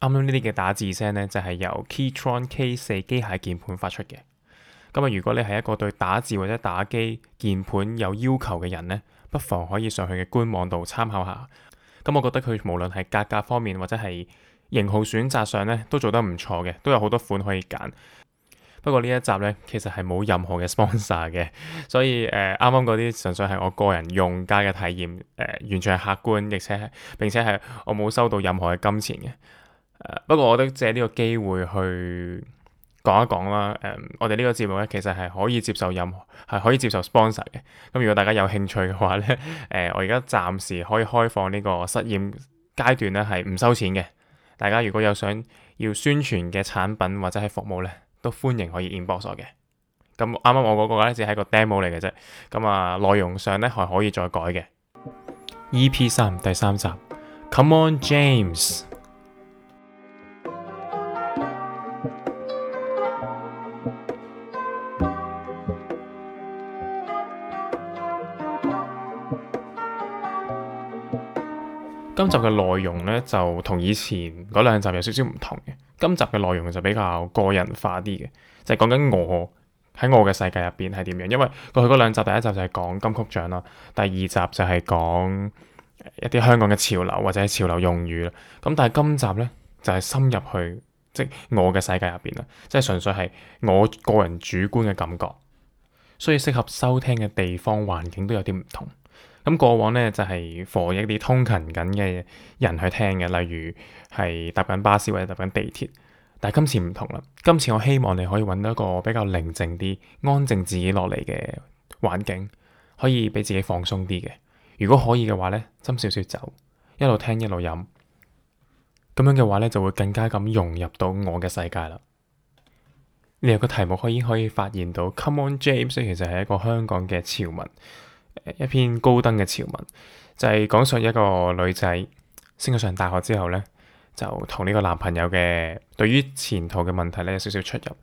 啱啱呢啲嘅打字聲咧，就係、是、由 Keychron K 四機械鍵盤發出嘅。咁啊，如果你係一個對打字或者打機鍵盤有要求嘅人咧，不妨可以上去佢官網度參考下。咁，我覺得佢無論係價格，格方面或者係型號選擇上咧，都做得唔錯嘅，都有好多款可以揀。不過呢一集咧，其實係冇任何嘅 sponsor 嘅，所以誒啱啱嗰啲純粹係我個人用家嘅體驗，誒、呃、完全係客觀，且並且並且係我冇收到任何嘅金錢嘅。不過，我都借呢個機會去講一講啦。誒、um，我哋呢個節目咧，其實係可以接受任何，係可以接受 sponsor 嘅。咁如果大家有興趣嘅話咧，誒、呃，我而家暫時可以開放呢個實驗階段咧，係唔收錢嘅。大家如果有想要宣傳嘅產品或者係服務咧，都歡迎可以 inbox 我嘅。咁啱啱我嗰個咧，只係個 demo 嚟嘅啫。咁啊，內容上咧係可以再改嘅。EP 三第三集，Come on James。今集嘅內容呢，就同以前嗰兩集有少少唔同嘅，今集嘅內容就比較個人化啲嘅，就係講緊我喺我嘅世界入邊係點樣。因為過去嗰兩集，第一集就係講金曲獎啦，第二集就係講一啲香港嘅潮流或者潮流用語啦。咁但係今集呢，就係深入去即係我嘅世界入邊啦，即係純粹係我個人主觀嘅感覺，所以適合收聽嘅地方環境都有啲唔同。咁過往呢，就係 for 一啲通勤緊嘅人去聽嘅，例如係搭緊巴士或者搭緊地鐵。但係今次唔同啦，今次我希望你可以揾到一個比較寧靜啲、安靜自己落嚟嘅環境，可以俾自己放鬆啲嘅。如果可以嘅話呢，斟少少酒，一路聽一路飲，咁樣嘅話呢，就會更加咁融入到我嘅世界啦。你有個題目可以可以發現到，Come on James 其實係一個香港嘅潮文。一篇高登嘅潮文，就係講述一個女仔升咗上大學之後呢，就同呢個男朋友嘅對於前途嘅問題呢有少少出入，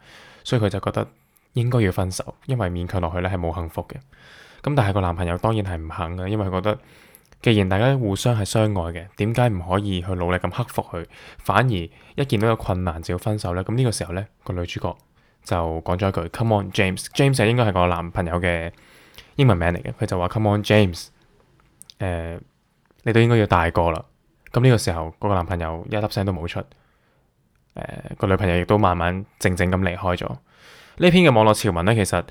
所以佢就覺得應該要分手，因為勉強落去呢係冇幸福嘅。咁但係個男朋友當然係唔肯嘅，因為佢覺得既然大家互相係相愛嘅，點解唔可以去努力咁克服佢，反而一見到有困難就要分手呢？咁呢個時候呢，個女主角就講咗一句：Come on James，James 就 James 應該係個男朋友嘅。英文名嚟嘅，佢就話：Come on, James，誒，你都應該要大個啦。咁呢個時候，嗰個男朋友一粒聲都冇出，誒，個女朋友亦都慢慢靜靜咁離開咗。呢篇嘅網絡潮文呢，其實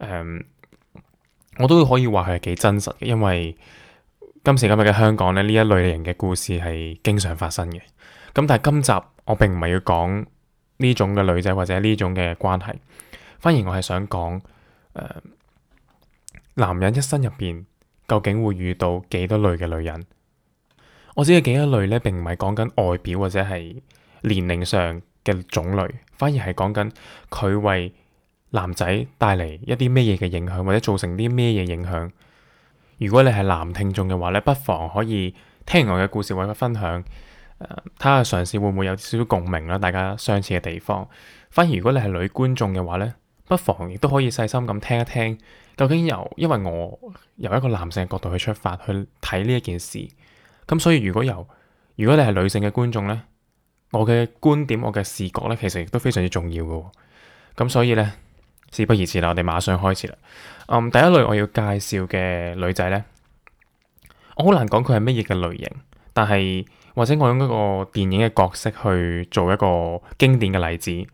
誒，我都可以話佢係幾真實，因為今時今日嘅香港呢，呢一類型嘅故事係經常發生嘅。咁但係今集我並唔係要講呢種嘅女仔或者呢種嘅關係，反而我係想講誒。男人一生入邊究竟會遇到幾多類嘅女人？我知嘅幾多類咧，並唔係講緊外表或者係年齡上嘅種類，反而係講緊佢為男仔帶嚟一啲咩嘢嘅影響，或者造成啲咩嘢影響。如果你係男聽眾嘅話咧，不妨可以聽完我嘅故事或者分享，睇下嘗試會唔會有少少共鳴啦，大家相似嘅地方。反而如果你係女觀眾嘅話咧。不妨亦都可以細心咁聽一聽，究竟由因為我由一個男性嘅角度去出發去睇呢一件事，咁所以如果由如果你係女性嘅觀眾呢，我嘅觀點我嘅視覺呢，其實亦都非常之重要嘅。咁所以呢，事不宜遲啦，我哋馬上開始啦。嗯，第一類我要介紹嘅女仔呢，我好難講佢係乜嘢嘅類型，但係或者我用一個電影嘅角色去做一個經典嘅例子，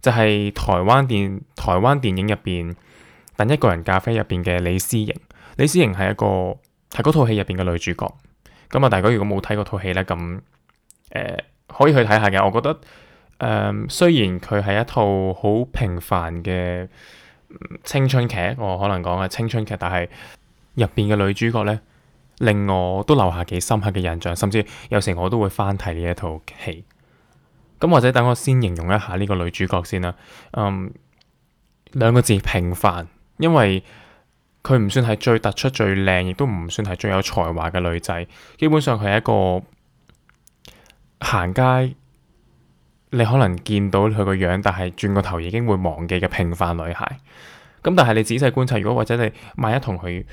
就係台灣電台灣電影入邊《等一個人咖啡》入邊嘅李思瑩，李思瑩係一個係嗰套戲入邊嘅女主角。咁啊，大家如果冇睇嗰套戲咧，咁誒、呃、可以去睇下嘅。我覺得誒、呃，雖然佢係一套好平凡嘅青春劇，我可能講係青春劇，但係入邊嘅女主角咧，令我都留下幾深刻嘅印象，甚至有時我都會翻睇呢一套戲。咁或者等我先形容一下呢個女主角先啦。嗯，兩個字平凡，因為佢唔算係最突出、最靚，亦都唔算係最有才華嘅女仔。基本上佢係一個行街，你可能見到佢個樣，但係轉個頭已經會忘記嘅平凡女孩。咁、嗯、但係你仔細觀察，如果或者你萬一同佢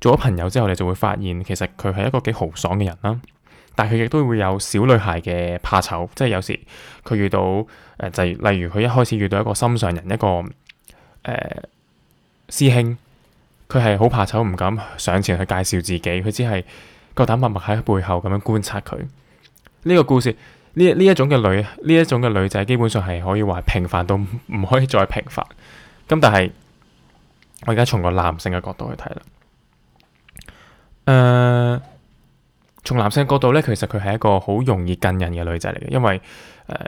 做咗朋友之後，你就會發現其實佢係一個幾豪爽嘅人啦、啊。但佢亦都會有小女孩嘅怕醜，即係有時佢遇到誒、呃、就係例如佢一開始遇到一個心上人一個誒、呃、師兄，佢係好怕醜，唔敢上前去介紹自己，佢只係個膽默默喺背後咁樣觀察佢。呢、這個故事，呢呢一種嘅女，呢一種嘅女仔，基本上係可以話平凡到唔可以再平凡。咁、嗯、但係我而家從個男性嘅角度去睇啦，誒、呃。從男性角度咧，其實佢係一個好容易近人嘅女仔嚟嘅，因為誒、呃、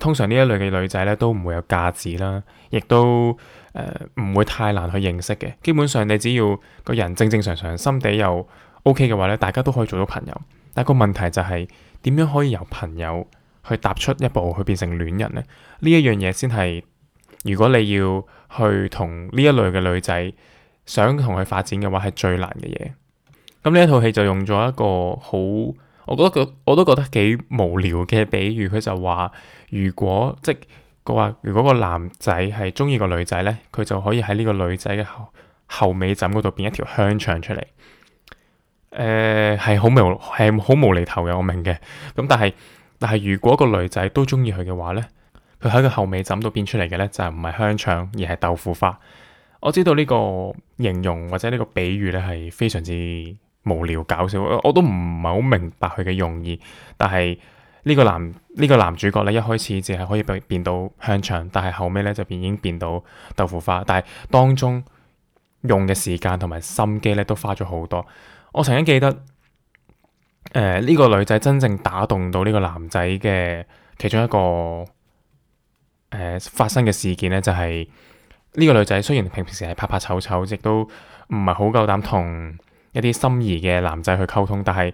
通常呢一類嘅女仔咧都唔會有架子啦，亦都誒唔、呃、會太難去認識嘅。基本上你只要個人正正常常、心地又 OK 嘅話咧，大家都可以做到朋友。但個問題就係、是、點樣可以由朋友去踏出一步去變成戀人呢？呢一樣嘢先係，如果你要去同呢一類嘅女仔想同佢發展嘅話，係最難嘅嘢。咁呢一套戲就用咗一個好，我覺得佢我都覺得幾無聊嘅比喻。佢就話，如果即係話，如果個男仔係中意個女仔咧，佢就可以喺呢個女仔嘅後後尾枕嗰度變一條香腸出嚟。誒、呃，係好無係好無厘頭嘅，我明嘅。咁但係但係，如果個女仔都中意佢嘅話咧，佢喺個後尾枕度變出嚟嘅咧就係唔係香腸而係豆腐花。我知道呢個形容或者呢個比喻咧係非常之，無聊搞笑，我都唔係好明白佢嘅用意。但係呢個男呢、呢個男主角咧，一開始只係可以變變到香腸，但係後尾咧就已經變到豆腐花。但係當中用嘅時間同埋心機咧，都花咗好多。我曾經記得，誒、呃、呢、呢個女仔真正打動到呢個男仔嘅其中一個誒、呃、發生嘅事件咧，就係、係、呢個女仔雖然平時係怕怕醜醜，亦都唔係好夠膽同。一啲心儀嘅男仔去溝通，但係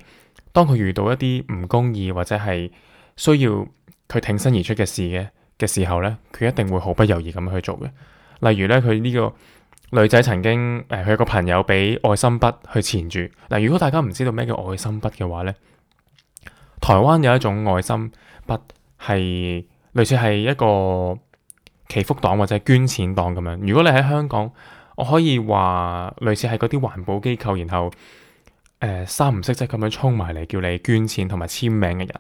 當佢遇到一啲唔公義或者係需要佢挺身而出嘅事嘅嘅時候呢，佢一定會毫不猶豫咁樣去做嘅。例如呢，佢呢個女仔曾經誒，佢、呃、有個朋友俾愛心筆去纏住。嗱、呃，如果大家唔知道咩叫愛心筆嘅話呢，台灣有一種愛心筆係類似係一個祈福黨或者捐錢黨咁樣。如果你喺香港，我可以話類似係嗰啲環保機構，然後誒、呃、三唔識七咁樣衝埋嚟叫你捐錢同埋簽名嘅人，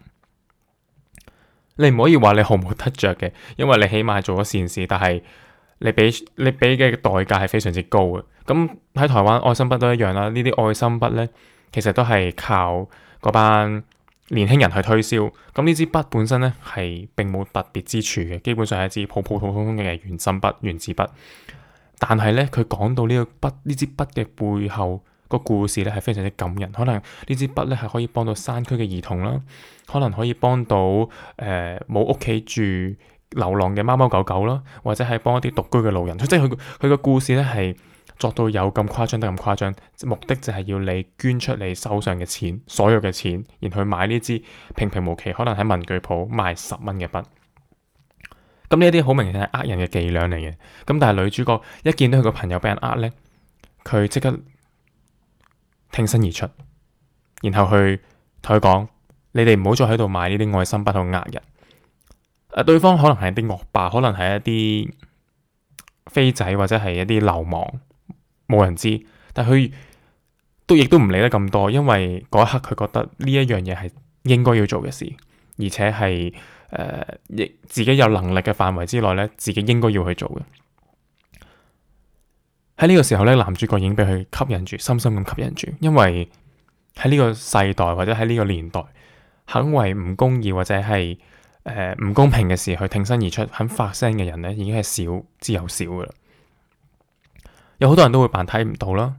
你唔可以話你毫無得着嘅，因為你起碼係做咗善事，但係你俾你俾嘅代價係非常之高嘅。咁喺台灣愛心筆都一樣啦，呢啲愛心筆呢，其實都係靠嗰班年輕人去推銷。咁呢支筆本身呢，係並冇特別之處嘅，基本上係一支普普通通嘅原芯筆、原子筆。但係咧，佢講到呢個筆呢支筆嘅背後個故事咧，係非常之感人。可能呢支筆咧係可以幫到山區嘅兒童啦，可能可以幫到誒冇屋企住流浪嘅貓貓狗狗啦，或者係幫一啲獨居嘅老人。即係佢佢個故事咧係作到有咁誇張得咁誇張，目的就係要你捐出你手上嘅錢，所有嘅錢，然後買呢支平平無奇可能喺文具鋪賣十蚊嘅筆。咁呢啲好明顯係呃人嘅伎倆嚟嘅，咁但係女主角一見到佢個朋友俾人呃呢，佢即刻挺身而出，然後去同佢講：你哋唔好再喺度買呢啲愛心筆去呃人。誒，對方可能係一啲惡霸，可能係一啲飛仔或者係一啲流氓，冇人知。但佢都亦都唔理得咁多，因為嗰一刻佢覺得呢一樣嘢係應該要做嘅事，而且係。誒，亦、呃、自己有能力嘅範圍之內咧，自己應該要去做嘅。喺呢個時候咧，男主角已經畀佢吸引住，深深咁吸引住，因為喺呢個世代或者喺呢個年代，肯為唔公義或者係誒唔公平嘅事去挺身而出，肯發聲嘅人咧，已經係少之又少噶啦。有好多人都會扮睇唔到啦，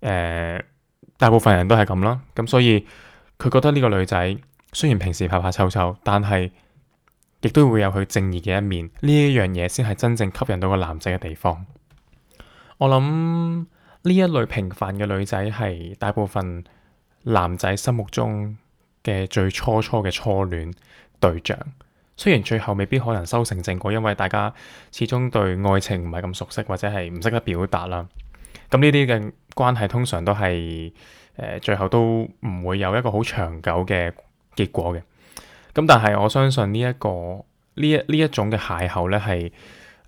誒、呃，大部分人都係咁啦，咁所以佢覺得呢個女仔雖然平時怕怕臭臭，但係。亦都會有佢正義嘅一面，呢一樣嘢先係真正吸引到個男仔嘅地方。我諗呢一類平凡嘅女仔係大部分男仔心目中嘅最初初嘅初戀對象，雖然最後未必可能修成正果，因為大家始終對愛情唔係咁熟悉，或者係唔識得表達啦。咁呢啲嘅關係通常都係、呃、最後都唔會有一個好長久嘅結果嘅。咁但係我相信呢、這個、一個呢一呢一種嘅邂逅呢，係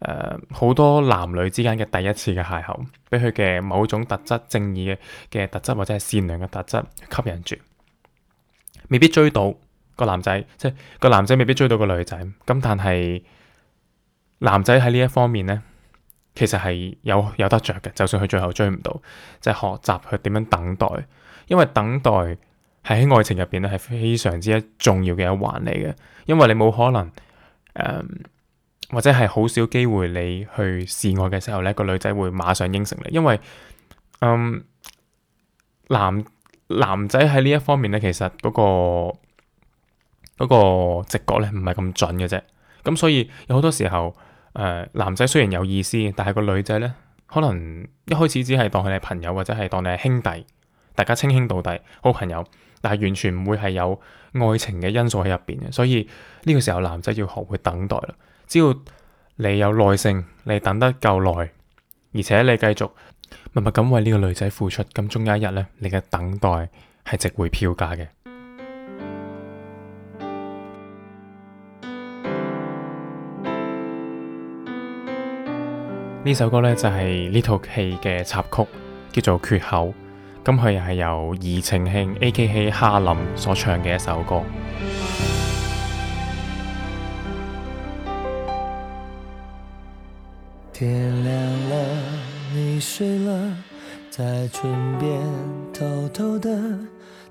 誒好多男女之間嘅第一次嘅邂逅，俾佢嘅某種特質、正義嘅嘅特質或者係善良嘅特質吸引住，未必追到個男仔，即係個男仔未必追到個女仔。咁但係男仔喺呢一方面呢，其實係有有得着嘅，就算佢最後追唔到，即、就、係、是、學習佢點樣等待，因為等待。係喺愛情入邊咧，係非常之一重要嘅一環嚟嘅，因為你冇可能誒、呃，或者係好少機會你去示愛嘅時候咧，個女仔會馬上應承你，因為嗯、呃、男男仔喺呢一方面咧，其實嗰、嗰個嗰個直覺咧唔係咁準嘅啫。咁所以有好多時候誒、呃，男仔雖然有意思，但係個女仔咧可能一開始只係當佢哋朋友，或者係當你係兄弟，大家稱兄道弟，好朋友。但係完全唔會係有愛情嘅因素喺入邊嘅，所以呢個時候男仔要學會等待啦。只要你有耐性，你等得夠耐，而且你繼續默默咁為呢個女仔付出，咁終有一日呢，你嘅等待係值回票價嘅。呢 首歌呢，就係呢套戲嘅插曲，叫做缺口。咁佢又係由庾澄慶 AKA 哈林所唱嘅一首歌。天亮了，你睡了，在唇邊偷偷的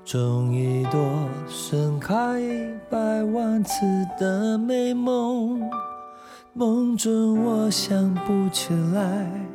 種一朵盛開一百萬次的美夢，夢中我想不起來。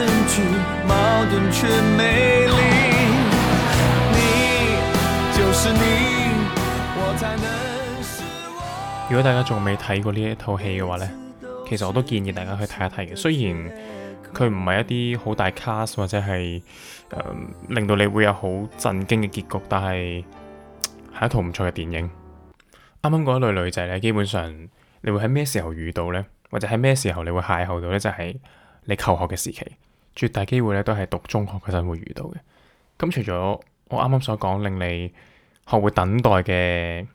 如果大家仲未睇過呢一套戲嘅話呢，其實我都建議大家去睇一睇嘅。雖然佢唔係一啲好大 cast 或者係、呃、令到你會有好震驚嘅結局，但係係一套唔錯嘅電影。啱啱嗰一類女仔呢，基本上你會喺咩時候遇到呢？或者喺咩時候你會邂逅到呢？就係、是、你求學嘅時期。絕大機會咧，都係讀中學嗰陣會遇到嘅。咁除咗我啱啱所講令你學會等待嘅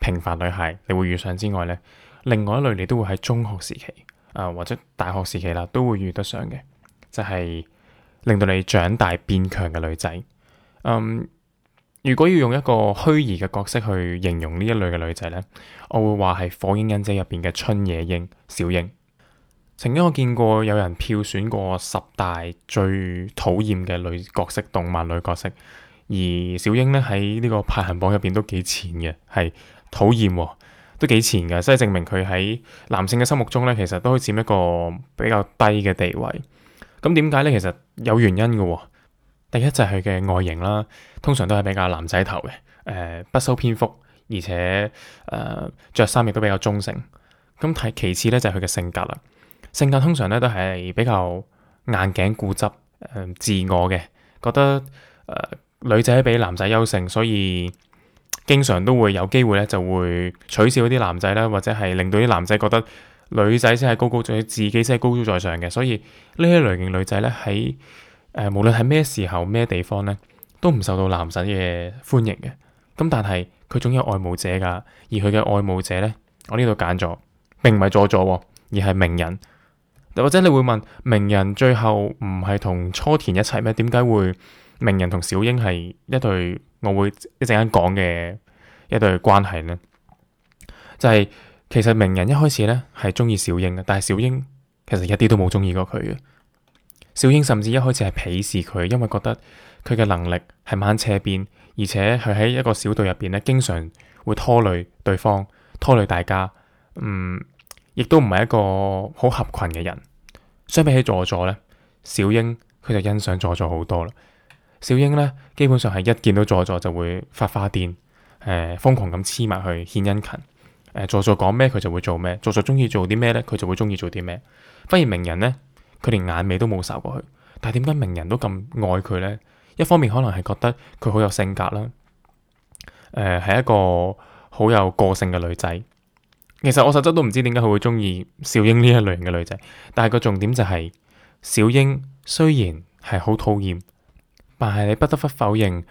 平凡女孩，你會遇上之外咧，另外一類你都會喺中學時期啊、呃、或者大學時期啦都會遇得上嘅，就係、是、令到你長大變強嘅女仔。嗯，如果要用一個虛擬嘅角色去形容呢一類嘅女仔咧，我會話係《火影忍者》入邊嘅春野櫻小櫻。曾經我見過有人票選過十大最討厭嘅女角色，動漫女角色，而小英呢喺呢個排行榜入邊都幾前嘅，係討厭都幾前嘅，即係證明佢喺男性嘅心目中呢，其實都佔一個比較低嘅地位。咁點解呢？其實有原因嘅、哦。第一就係佢嘅外形啦，通常都係比較男仔頭嘅，誒、呃、不修邊幅，而且、呃、着衫亦都比較中性。咁提其次呢，就係佢嘅性格啦。性格通常咧都係比較硬頸固執，誒自我嘅，覺得誒、呃、女仔比男仔優勝，所以經常都會有機會咧就會取笑啲男仔啦，或者係令到啲男仔覺得女仔先係高高在自己先係高高在上嘅。所以呢一類型女仔咧係誒無論喺咩時候咩地方咧都唔受到男仔嘅歡迎嘅。咁但係佢總有愛慕者㗎，而佢嘅愛慕者咧，我呢度揀咗並唔係佐助，而係名人。或者你會問名人最後唔係同初田一齊咩？點解會名人同小英係一對？我會一陣間講嘅一對關係咧，就係、是、其實名人一開始咧係中意小英嘅，但係小英其實一啲都冇中意過佢嘅。小英甚至一開始係鄙視佢，因為覺得佢嘅能力係猛斜邊，而且佢喺一個小隊入邊咧，經常會拖累對方、拖累大家，嗯，亦都唔係一個好合群嘅人。相比起佐助咧，小櫻佢就欣賞佐助好多啦。小櫻咧，基本上係一見到佐助就會發花癲，誒、呃，瘋狂咁黐埋去獻殷勤。誒、呃，佐助講咩佢就會做咩，佐助中意做啲咩咧，佢就會中意做啲咩。反而鳴人咧，佢連眼尾都冇掃過去。但係點解鳴人都咁愛佢咧？一方面可能係覺得佢好有性格啦，誒、呃，係一個好有個性嘅女仔。其實我實質都唔知點解佢會中意小櫻呢一類型嘅女仔，但係個重點就係、是、小櫻雖然係好討厭，但係你不得不否認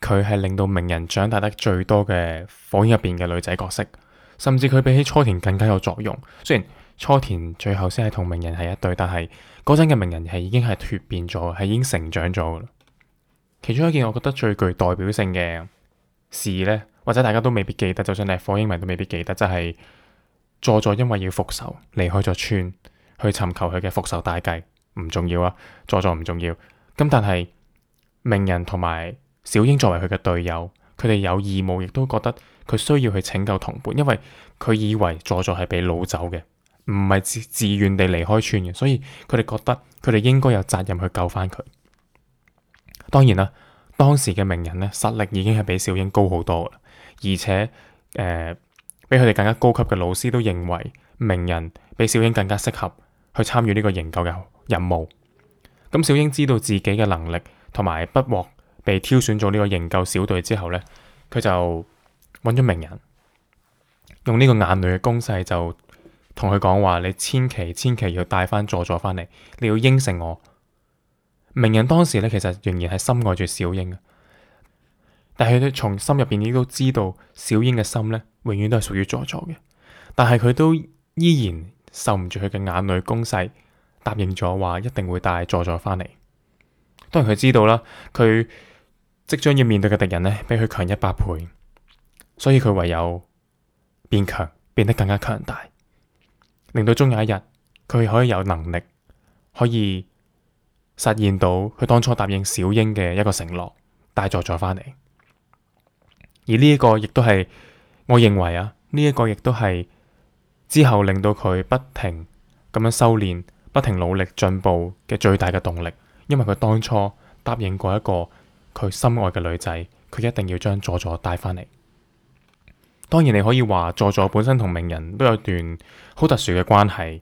佢係令到鳴人長大得最多嘅火影入邊嘅女仔角色，甚至佢比起雛田更加有作用。雖然雛田最後先係同鳴人係一對，但係嗰陣嘅鳴人係已經係脫變咗，係已經成長咗。其中一件我覺得最具代表性嘅事呢。或者大家都未必記得，就算你係火英文都未必記得。就係佐助因為要復仇離開咗村，去尋求佢嘅復仇大計，唔重要啊，佐助唔重要。咁但係鳴人同埋小英作為佢嘅隊友，佢哋有義務亦都覺得佢需要去拯救同伴，因為佢以為佐助係被擄走嘅，唔係自願地離開村嘅，所以佢哋覺得佢哋應該有責任去救翻佢。當然啦，當時嘅鳴人呢，實力已經係比小英高好多。而且，誒、呃，比佢哋更加高級嘅老師都認為，名人比小英更加適合去參與呢個營救嘅任務。咁小英知道自己嘅能力同埋不獲被挑選做呢個營救小隊之後呢，佢就揾咗名人，用呢個眼淚嘅攻勢就同佢講話：「你千祈千祈要帶翻佐助翻嚟，你要應承我。名人當時咧，其實仍然係深愛住小英。但係佢從心入邊亦都知道，小英嘅心咧永遠都係屬於佐助嘅。但係佢都依然受唔住佢嘅眼淚攻勢，答應咗話一定會帶佐助翻嚟。當然佢知道啦，佢即將要面對嘅敵人咧比佢強一百倍，所以佢唯有變強，變得更加強大，令到終有一日佢可以有能力可以實現到佢當初答應小英嘅一個承諾，帶佐助翻嚟。而呢一個亦都係，我認為啊，呢、這、一個亦都係之後令到佢不停咁樣修練、不停努力進步嘅最大嘅動力，因為佢當初答應過一個佢心愛嘅女仔，佢一定要將佐助帶翻嚟。當然你可以話佐助本身同名人都有一段好特殊嘅關係，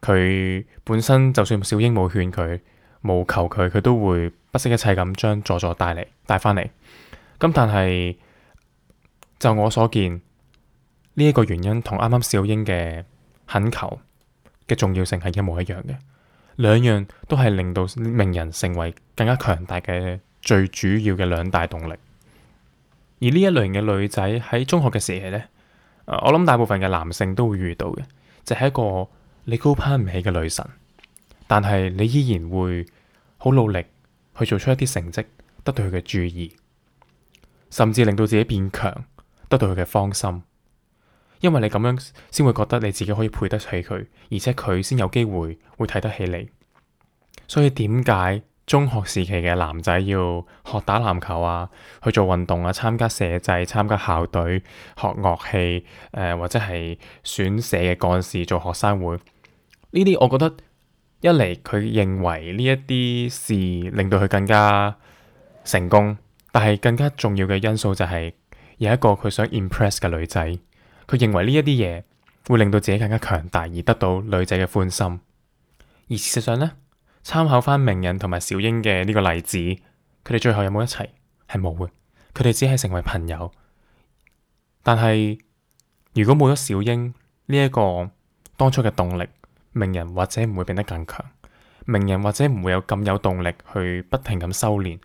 佢本身就算小英冇勸佢、冇求佢，佢都會不惜一切咁將佐助帶嚟、帶翻嚟。咁但係，就我所見，呢、這、一個原因同啱啱小英嘅懇求嘅重要性係一模一樣嘅。兩樣都係令到名人成為更加強大嘅最主要嘅兩大動力。而呢一類型嘅女仔喺中學嘅時期呢，我諗大部分嘅男性都會遇到嘅，就係、是、一個你高攀唔起嘅女神，但係你依然會好努力去做出一啲成績，得到佢嘅注意，甚至令到自己變強。得到佢嘅芳心，因為你咁樣先會覺得你自己可以配得起佢，而且佢先有機會會睇得起你。所以點解中學時期嘅男仔要學打籃球啊，去做運動啊，參加社制，參加校隊，學樂器誒、呃，或者係選社嘅幹事，做學生會呢啲？我覺得一嚟佢認為呢一啲事令到佢更加成功，但係更加重要嘅因素就係、是。有一個佢想 impress 嘅女仔，佢認為呢一啲嘢會令到自己更加強大，而得到女仔嘅歡心。而事實上呢，參考翻名人同埋小英嘅呢個例子，佢哋最後有冇一齊？係冇嘅，佢哋只係成為朋友。但係如果冇咗小英呢一個當初嘅動力，名人或者唔會變得更強，名人或者唔會有咁有動力去不停咁修煉。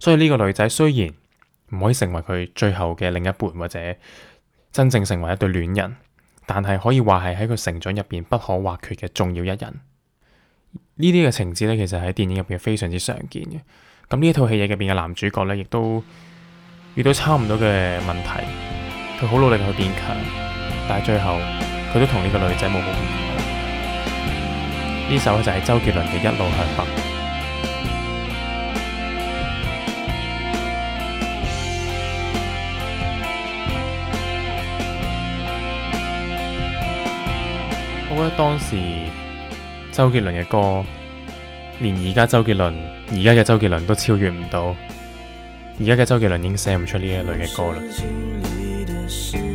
所以呢個女仔雖然，唔可以成為佢最後嘅另一半或者真正成為一對戀人，但係可以話係喺佢成長入邊不可或缺嘅重要一人。呢啲嘅情節呢，其實喺電影入邊非常之常見嘅。咁呢套戲嘢入邊嘅男主角呢，亦都遇到差唔多嘅問題。佢好努力去變強，但係最後佢都同呢個女仔冇好結果。呢首就係周杰倫嘅《一路向北》。因當時周杰倫嘅歌，連而家周杰倫，而家嘅周杰倫都超越唔到。而家嘅周杰倫已經寫唔出呢一類嘅歌啦。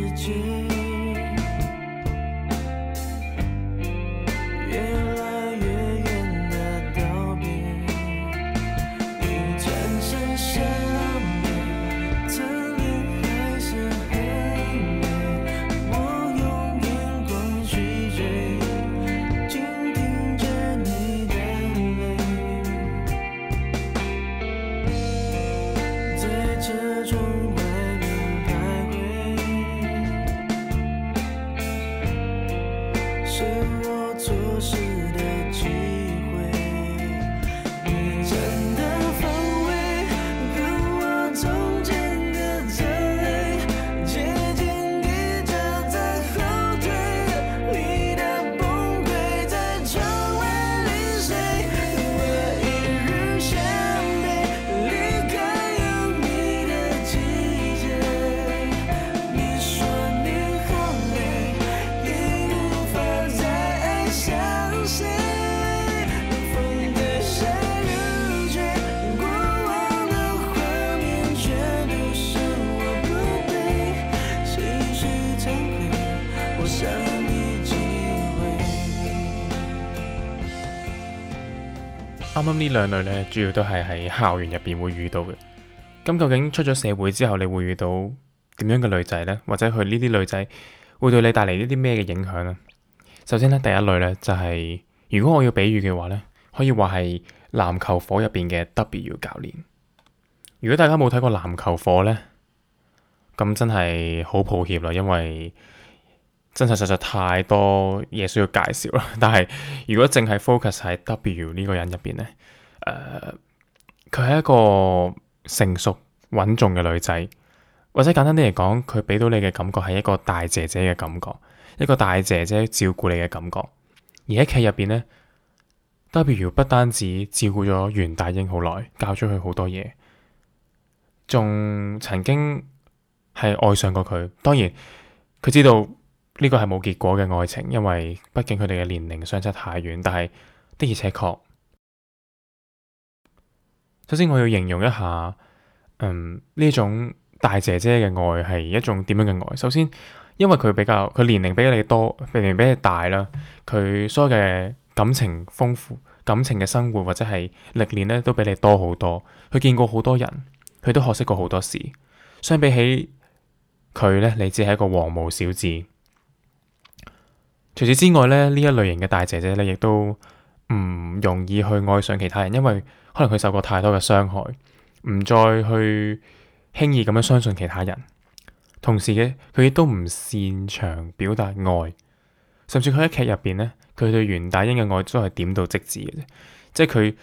啱啱呢兩類咧，主要都係喺校園入邊會遇到嘅。咁究竟出咗社會之後，你會遇到點樣嘅女仔呢？或者佢呢啲女仔會對你帶嚟呢啲咩嘅影響呢？首先咧，第一類咧就係如果我要比喻嘅話咧，可以話係籃球火入邊嘅 W 教練。如果大家冇睇過籃球火咧，咁真係好抱歉啦，因為。真係實在太多嘢需要介紹啦，但係如果淨係 focus 喺 W 呢個人入邊呢，誒，佢、呃、係一個成熟穩重嘅女仔，或者簡單啲嚟講，佢俾到你嘅感覺係一個大姐姐嘅感覺，一個大姐姐照顧你嘅感覺。而喺劇入邊呢 W 不單止照顧咗袁大英好耐，教咗佢好多嘢，仲曾經係愛上過佢。當然，佢知道。呢個係冇結果嘅愛情，因為畢竟佢哋嘅年齡相差太遠。但係的而且確，首先我要形容一下，嗯，呢種大姐姐嘅愛係一種點樣嘅愛？首先，因為佢比較佢年齡比你多，年齡比你大啦，佢所有嘅感情豐富，感情嘅生活或者係歷練咧都比你多好多。佢見過好多人，佢都學識過好多事。相比起佢咧，你只係一個黃毛小子。除此之外咧，呢一類型嘅大姐姐咧，亦都唔容易去愛上其他人，因為可能佢受過太多嘅傷害，唔再去輕易咁樣相信其他人。同時嘅佢亦都唔擅長表達愛，甚至佢喺劇入邊咧，佢對袁大英嘅愛都係點到即止嘅啫，即係佢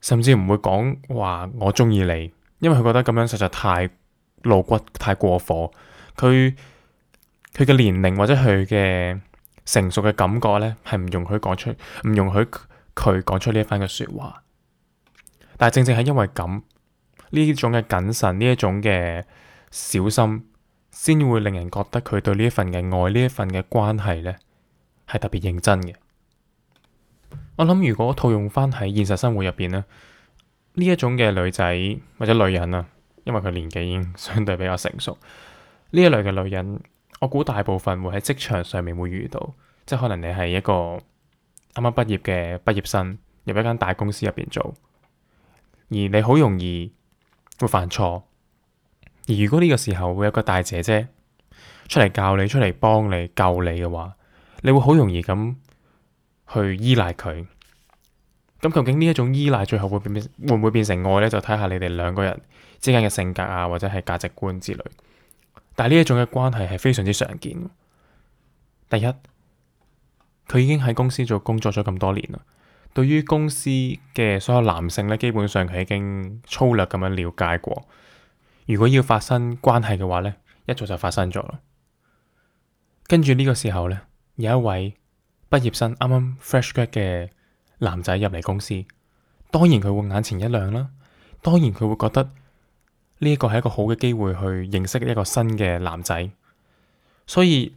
甚至唔會講話，我中意你，因為佢覺得咁樣實在太露骨、太過火。佢佢嘅年齡或者佢嘅。成熟嘅感覺咧，係唔容許講出，唔容許佢講出呢一番嘅説話。但係正正係因為咁，呢一種嘅謹慎，呢一種嘅小心，先會令人覺得佢對呢一份嘅愛，呢一份嘅關係咧，係特別認真嘅。我諗如果套用翻喺現實生活入邊咧，呢一種嘅女仔或者女人啊，因為佢年紀已經相對比較成熟，呢一類嘅女人。我估大部分會喺職場上面會遇到，即係可能你係一個啱啱畢業嘅畢業生，入一間大公司入邊做，而你好容易會犯錯。而如果呢個時候會有個大姐姐出嚟教你、出嚟幫你、救你嘅話，你會好容易咁去依賴佢。咁究竟呢一種依賴最後會變會唔會變成愛呢？就睇下你哋兩個人之間嘅性格啊，或者係價值觀之類。但係呢一種嘅關係係非常之常見。第一，佢已經喺公司做工作咗咁多年啦，對於公司嘅所有男性咧，基本上佢已經粗略咁樣了解過。如果要發生關係嘅話咧，一早就發生咗。跟住呢個時候咧，有一位畢業生啱啱 fresh grad 嘅男仔入嚟公司，當然佢會眼前一亮啦，當然佢會覺得。呢個係一個好嘅機會，去認識一個新嘅男仔。所以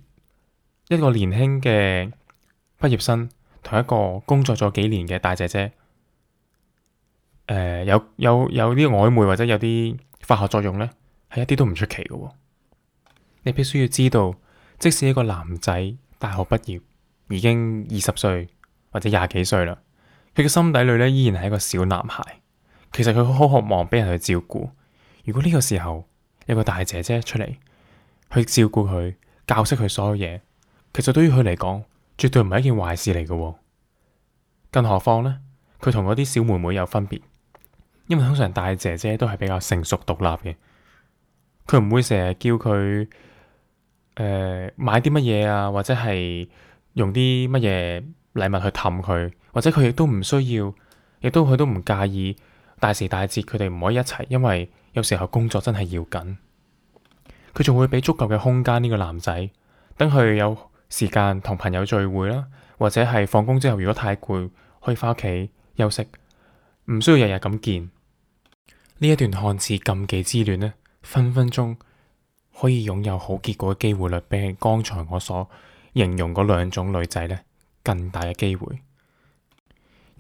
一個年輕嘅畢業生，同一個工作咗幾年嘅大姐姐，誒、呃、有有有啲曖昧或者有啲化學作用呢，係一啲都唔出奇嘅。你必須要知道，即使一個男仔大學畢業已經二十歲或者廿幾歲啦，佢嘅心底裏呢依然係一個小男孩。其實佢好渴望俾人去照顧。如果呢個時候有個大姐姐出嚟去照顧佢，教識佢所有嘢，其實對於佢嚟講絕對唔係一件壞事嚟嘅、喎。更何況呢？佢同嗰啲小妹妹有分別，因為通常大姐姐都係比較成熟獨立嘅。佢唔會成日叫佢誒、呃、買啲乜嘢啊，或者係用啲乜嘢禮物去氹佢，或者佢亦都唔需要，亦都佢都唔介意大時大節佢哋唔可以一齊，因為。有時候工作真係要緊，佢仲會俾足夠嘅空間呢個男仔，等佢有時間同朋友聚會啦，或者係放工之後如果太攰，可以翻屋企休息，唔需要日日咁見。呢一段看似禁忌之戀呢，分分鐘可以擁有好結果嘅機會率，比起剛才我所形容嗰兩種女仔呢，更大嘅機會。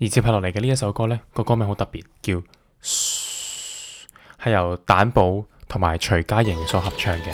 而接下落嚟嘅呢一首歌呢，個歌名好特別，叫。係由蛋堡同埋徐佳瑩所合唱嘅。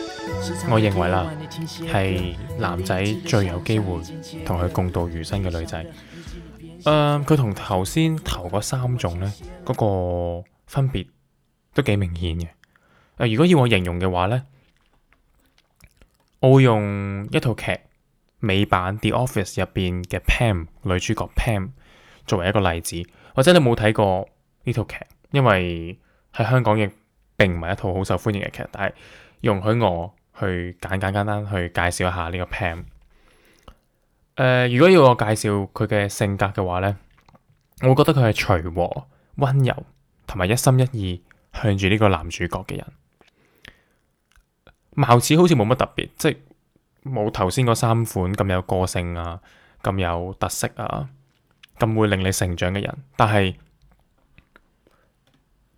我認為啦，係男仔最有機會同佢共度餘生嘅女仔。誒，佢同頭先頭嗰三種呢，嗰個分別都幾明顯嘅。Uh, 如果要我形容嘅話呢，我會用一套劇，美版《The Office》入邊嘅 Pam，女主角 Pam 作為一個例子，或者你冇睇過呢套劇，因為喺香港亦並唔係一套好受歡迎嘅劇，但係。容許我去簡簡單單去介紹一下呢個 Pam、呃、如果要我介紹佢嘅性格嘅話呢，我覺得佢係隨和、溫柔同埋一心一意向住呢個男主角嘅人，貌似好似冇乜特別，即係冇頭先嗰三款咁有個性啊、咁有特色啊、咁會令你成長嘅人，但係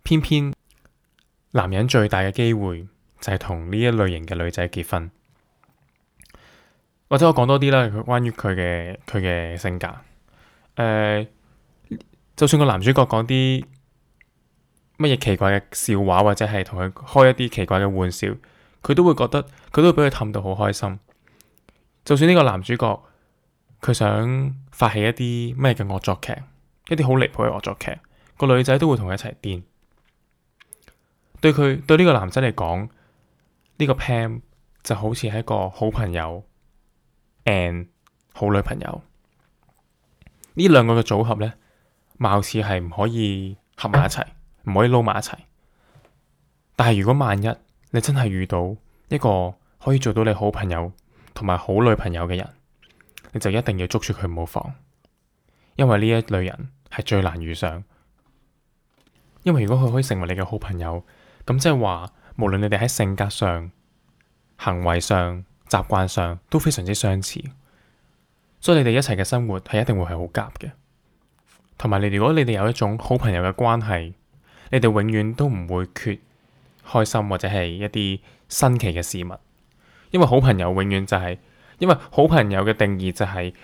偏偏男人最大嘅機會。就係同呢一類型嘅女仔結婚，或者我講多啲啦，關於佢嘅佢嘅性格。誒、呃，就算個男主角講啲乜嘢奇怪嘅笑話，或者係同佢開一啲奇怪嘅玩笑，佢都會覺得佢都會俾佢氹到好開心。就算呢個男主角佢想發起一啲咩嘅惡作劇，一啲好離譜嘅惡作劇，個女仔都會同佢一齊癲。對佢對呢個男仔嚟講。呢個 Pam 就好似係一個好朋友，and 好女朋友，呢兩個嘅組合呢，貌似係唔可以合埋一齊，唔可以撈埋一齊。但係如果萬一你真係遇到一個可以做到你好朋友同埋好女朋友嘅人，你就一定要捉住佢唔好放，因為呢一類人係最難遇上。因為如果佢可以成為你嘅好朋友，咁即係話。無論你哋喺性格上、行為上、習慣上都非常之相似，所以你哋一齊嘅生活係一定會係好夾嘅。同埋，你如果你哋有一種好朋友嘅關係，你哋永遠都唔會缺開心或者係一啲新奇嘅事物，因為好朋友永遠就係、是，因為好朋友嘅定義就係、是，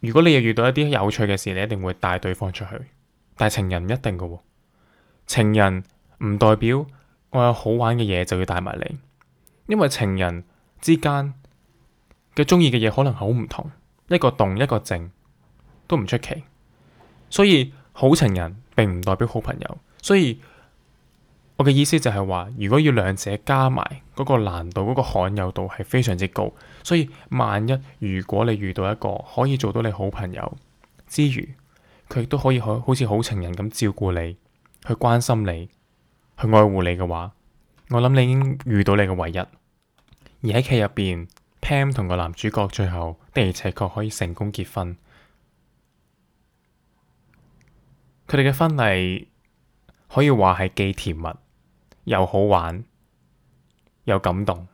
如果你又遇到一啲有趣嘅事，你一定會帶對方出去。但係情人唔一定㗎喎，情人唔代表。我有好玩嘅嘢就要帶埋你，因為情人之間嘅中意嘅嘢可能好唔同，一個動一個靜都唔出奇，所以好情人並唔代表好朋友，所以我嘅意思就係話，如果要兩者加埋嗰個難度，嗰個罕有度係非常之高，所以萬一如果你遇到一個可以做到你好朋友之餘，佢亦都可以好好似好情人咁照顧你，去關心你。去愛護你嘅話，我諗你已經遇到你嘅唯一。而喺劇入邊，Pam 同個男主角最後的而且確可以成功結婚。佢哋嘅婚禮可以話係既甜蜜又好玩又感動。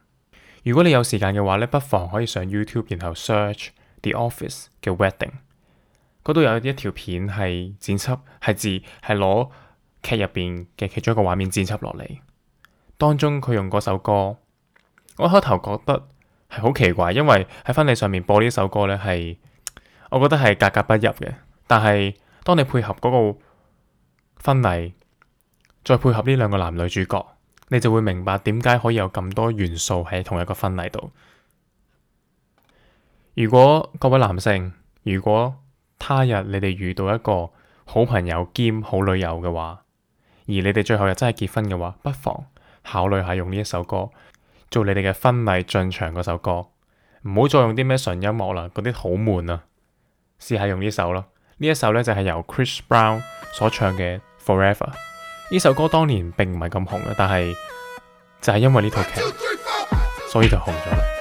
如果你有時間嘅話咧，不妨可以上 YouTube，然後 search《The Office》嘅 wedding。嗰度有一條片係剪輯，係自係攞。劇入邊嘅其中一個畫面剪輯落嚟，當中佢用嗰首歌，我一開頭覺得係好奇怪，因為喺婚禮上面播呢首歌咧，係我覺得係格格不入嘅。但係當你配合嗰個婚禮，再配合呢兩個男女主角，你就會明白點解可以有咁多元素喺同一個婚禮度。如果各位男性，如果他日你哋遇到一個好朋友兼好女友嘅話，而你哋最後又真係結婚嘅話，不妨考慮下用呢一首歌做你哋嘅婚禮進場嗰首歌，唔好再用啲咩純音樂啦，嗰啲好悶啊！試下用呢首咯，呢一首呢就係由 Chris Brown 所唱嘅《Forever》。呢首歌當年並唔係咁紅嘅，但係就係因為呢套劇，所以就紅咗。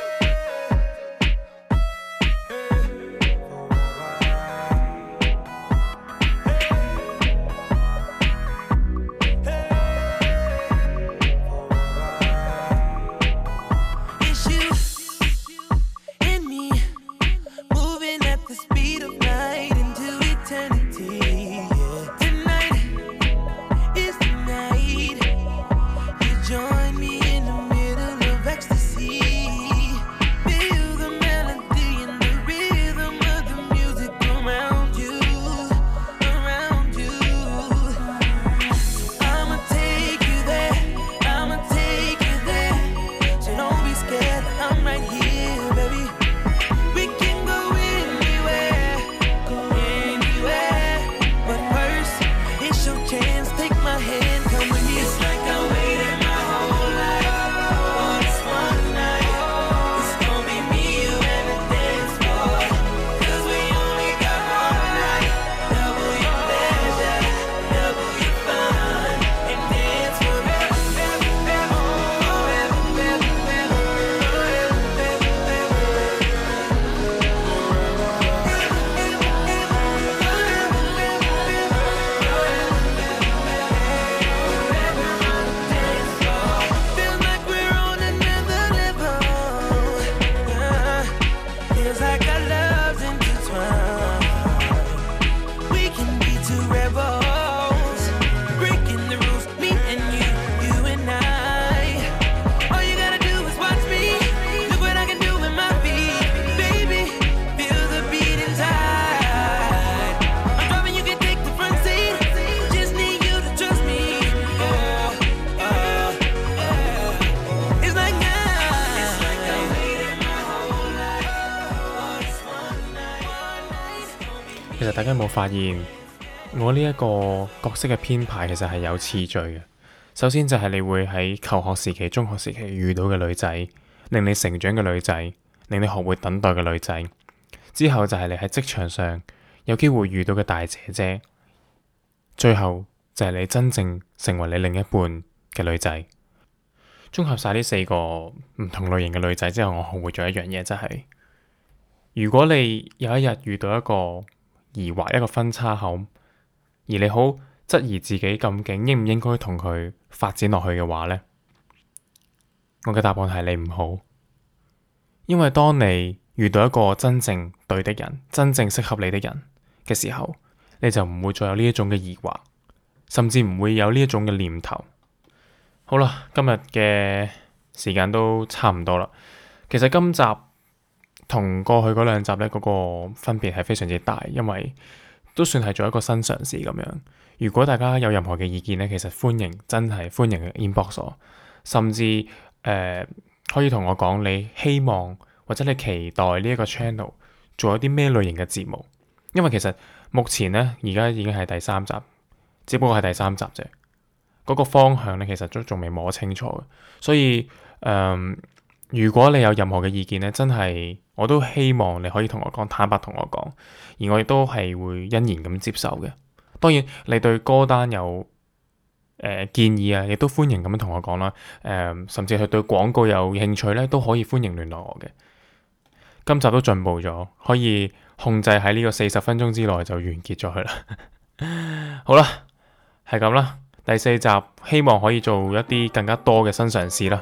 發現我呢一個角色嘅編排其實係有次序嘅。首先就係你會喺求學時期、中學時期遇到嘅女仔，令你成長嘅女仔，令你學會等待嘅女仔。之後就係你喺職場上有機會遇到嘅大姐姐。最後就係你真正成為你另一半嘅女仔。綜合晒呢四個唔同類型嘅女仔之後，我學會咗一樣嘢，就係如果你有一日遇到一個。而畫一個分叉口，而你好質疑自己究竟應唔應該同佢發展落去嘅話呢？我嘅答案係你唔好，因為當你遇到一個真正對的人、真正適合你的人嘅時候，你就唔會再有呢一種嘅疑惑，甚至唔會有呢一種嘅念頭。好啦，今日嘅時間都差唔多啦。其實今集，同過去嗰兩集咧嗰個分別係非常之大，因為都算係做一個新嘗試咁樣。如果大家有任何嘅意見咧，其實歡迎，真係歡迎去 inbox 我。甚至誒、呃、可以同我講你希望或者你期待呢一個 channel 做一啲咩類型嘅節目，因為其實目前咧，而家已經係第三集，只不過係第三集啫。嗰個方向咧，其實都仲未摸清楚嘅，所以誒、呃，如果你有任何嘅意見咧，真係～我都希望你可以同我講坦白，同我講，而我亦都係會欣然咁接受嘅。當然，你對歌單有誒、呃、建議啊，亦都歡迎咁樣同我講啦。誒、呃，甚至係對廣告有興趣咧，都可以歡迎聯絡我嘅。今集都進步咗，可以控制喺呢個四十分鐘之內就完結咗佢啦。 好啦，係咁啦。第四集希望可以做一啲更加多嘅新嘗試啦。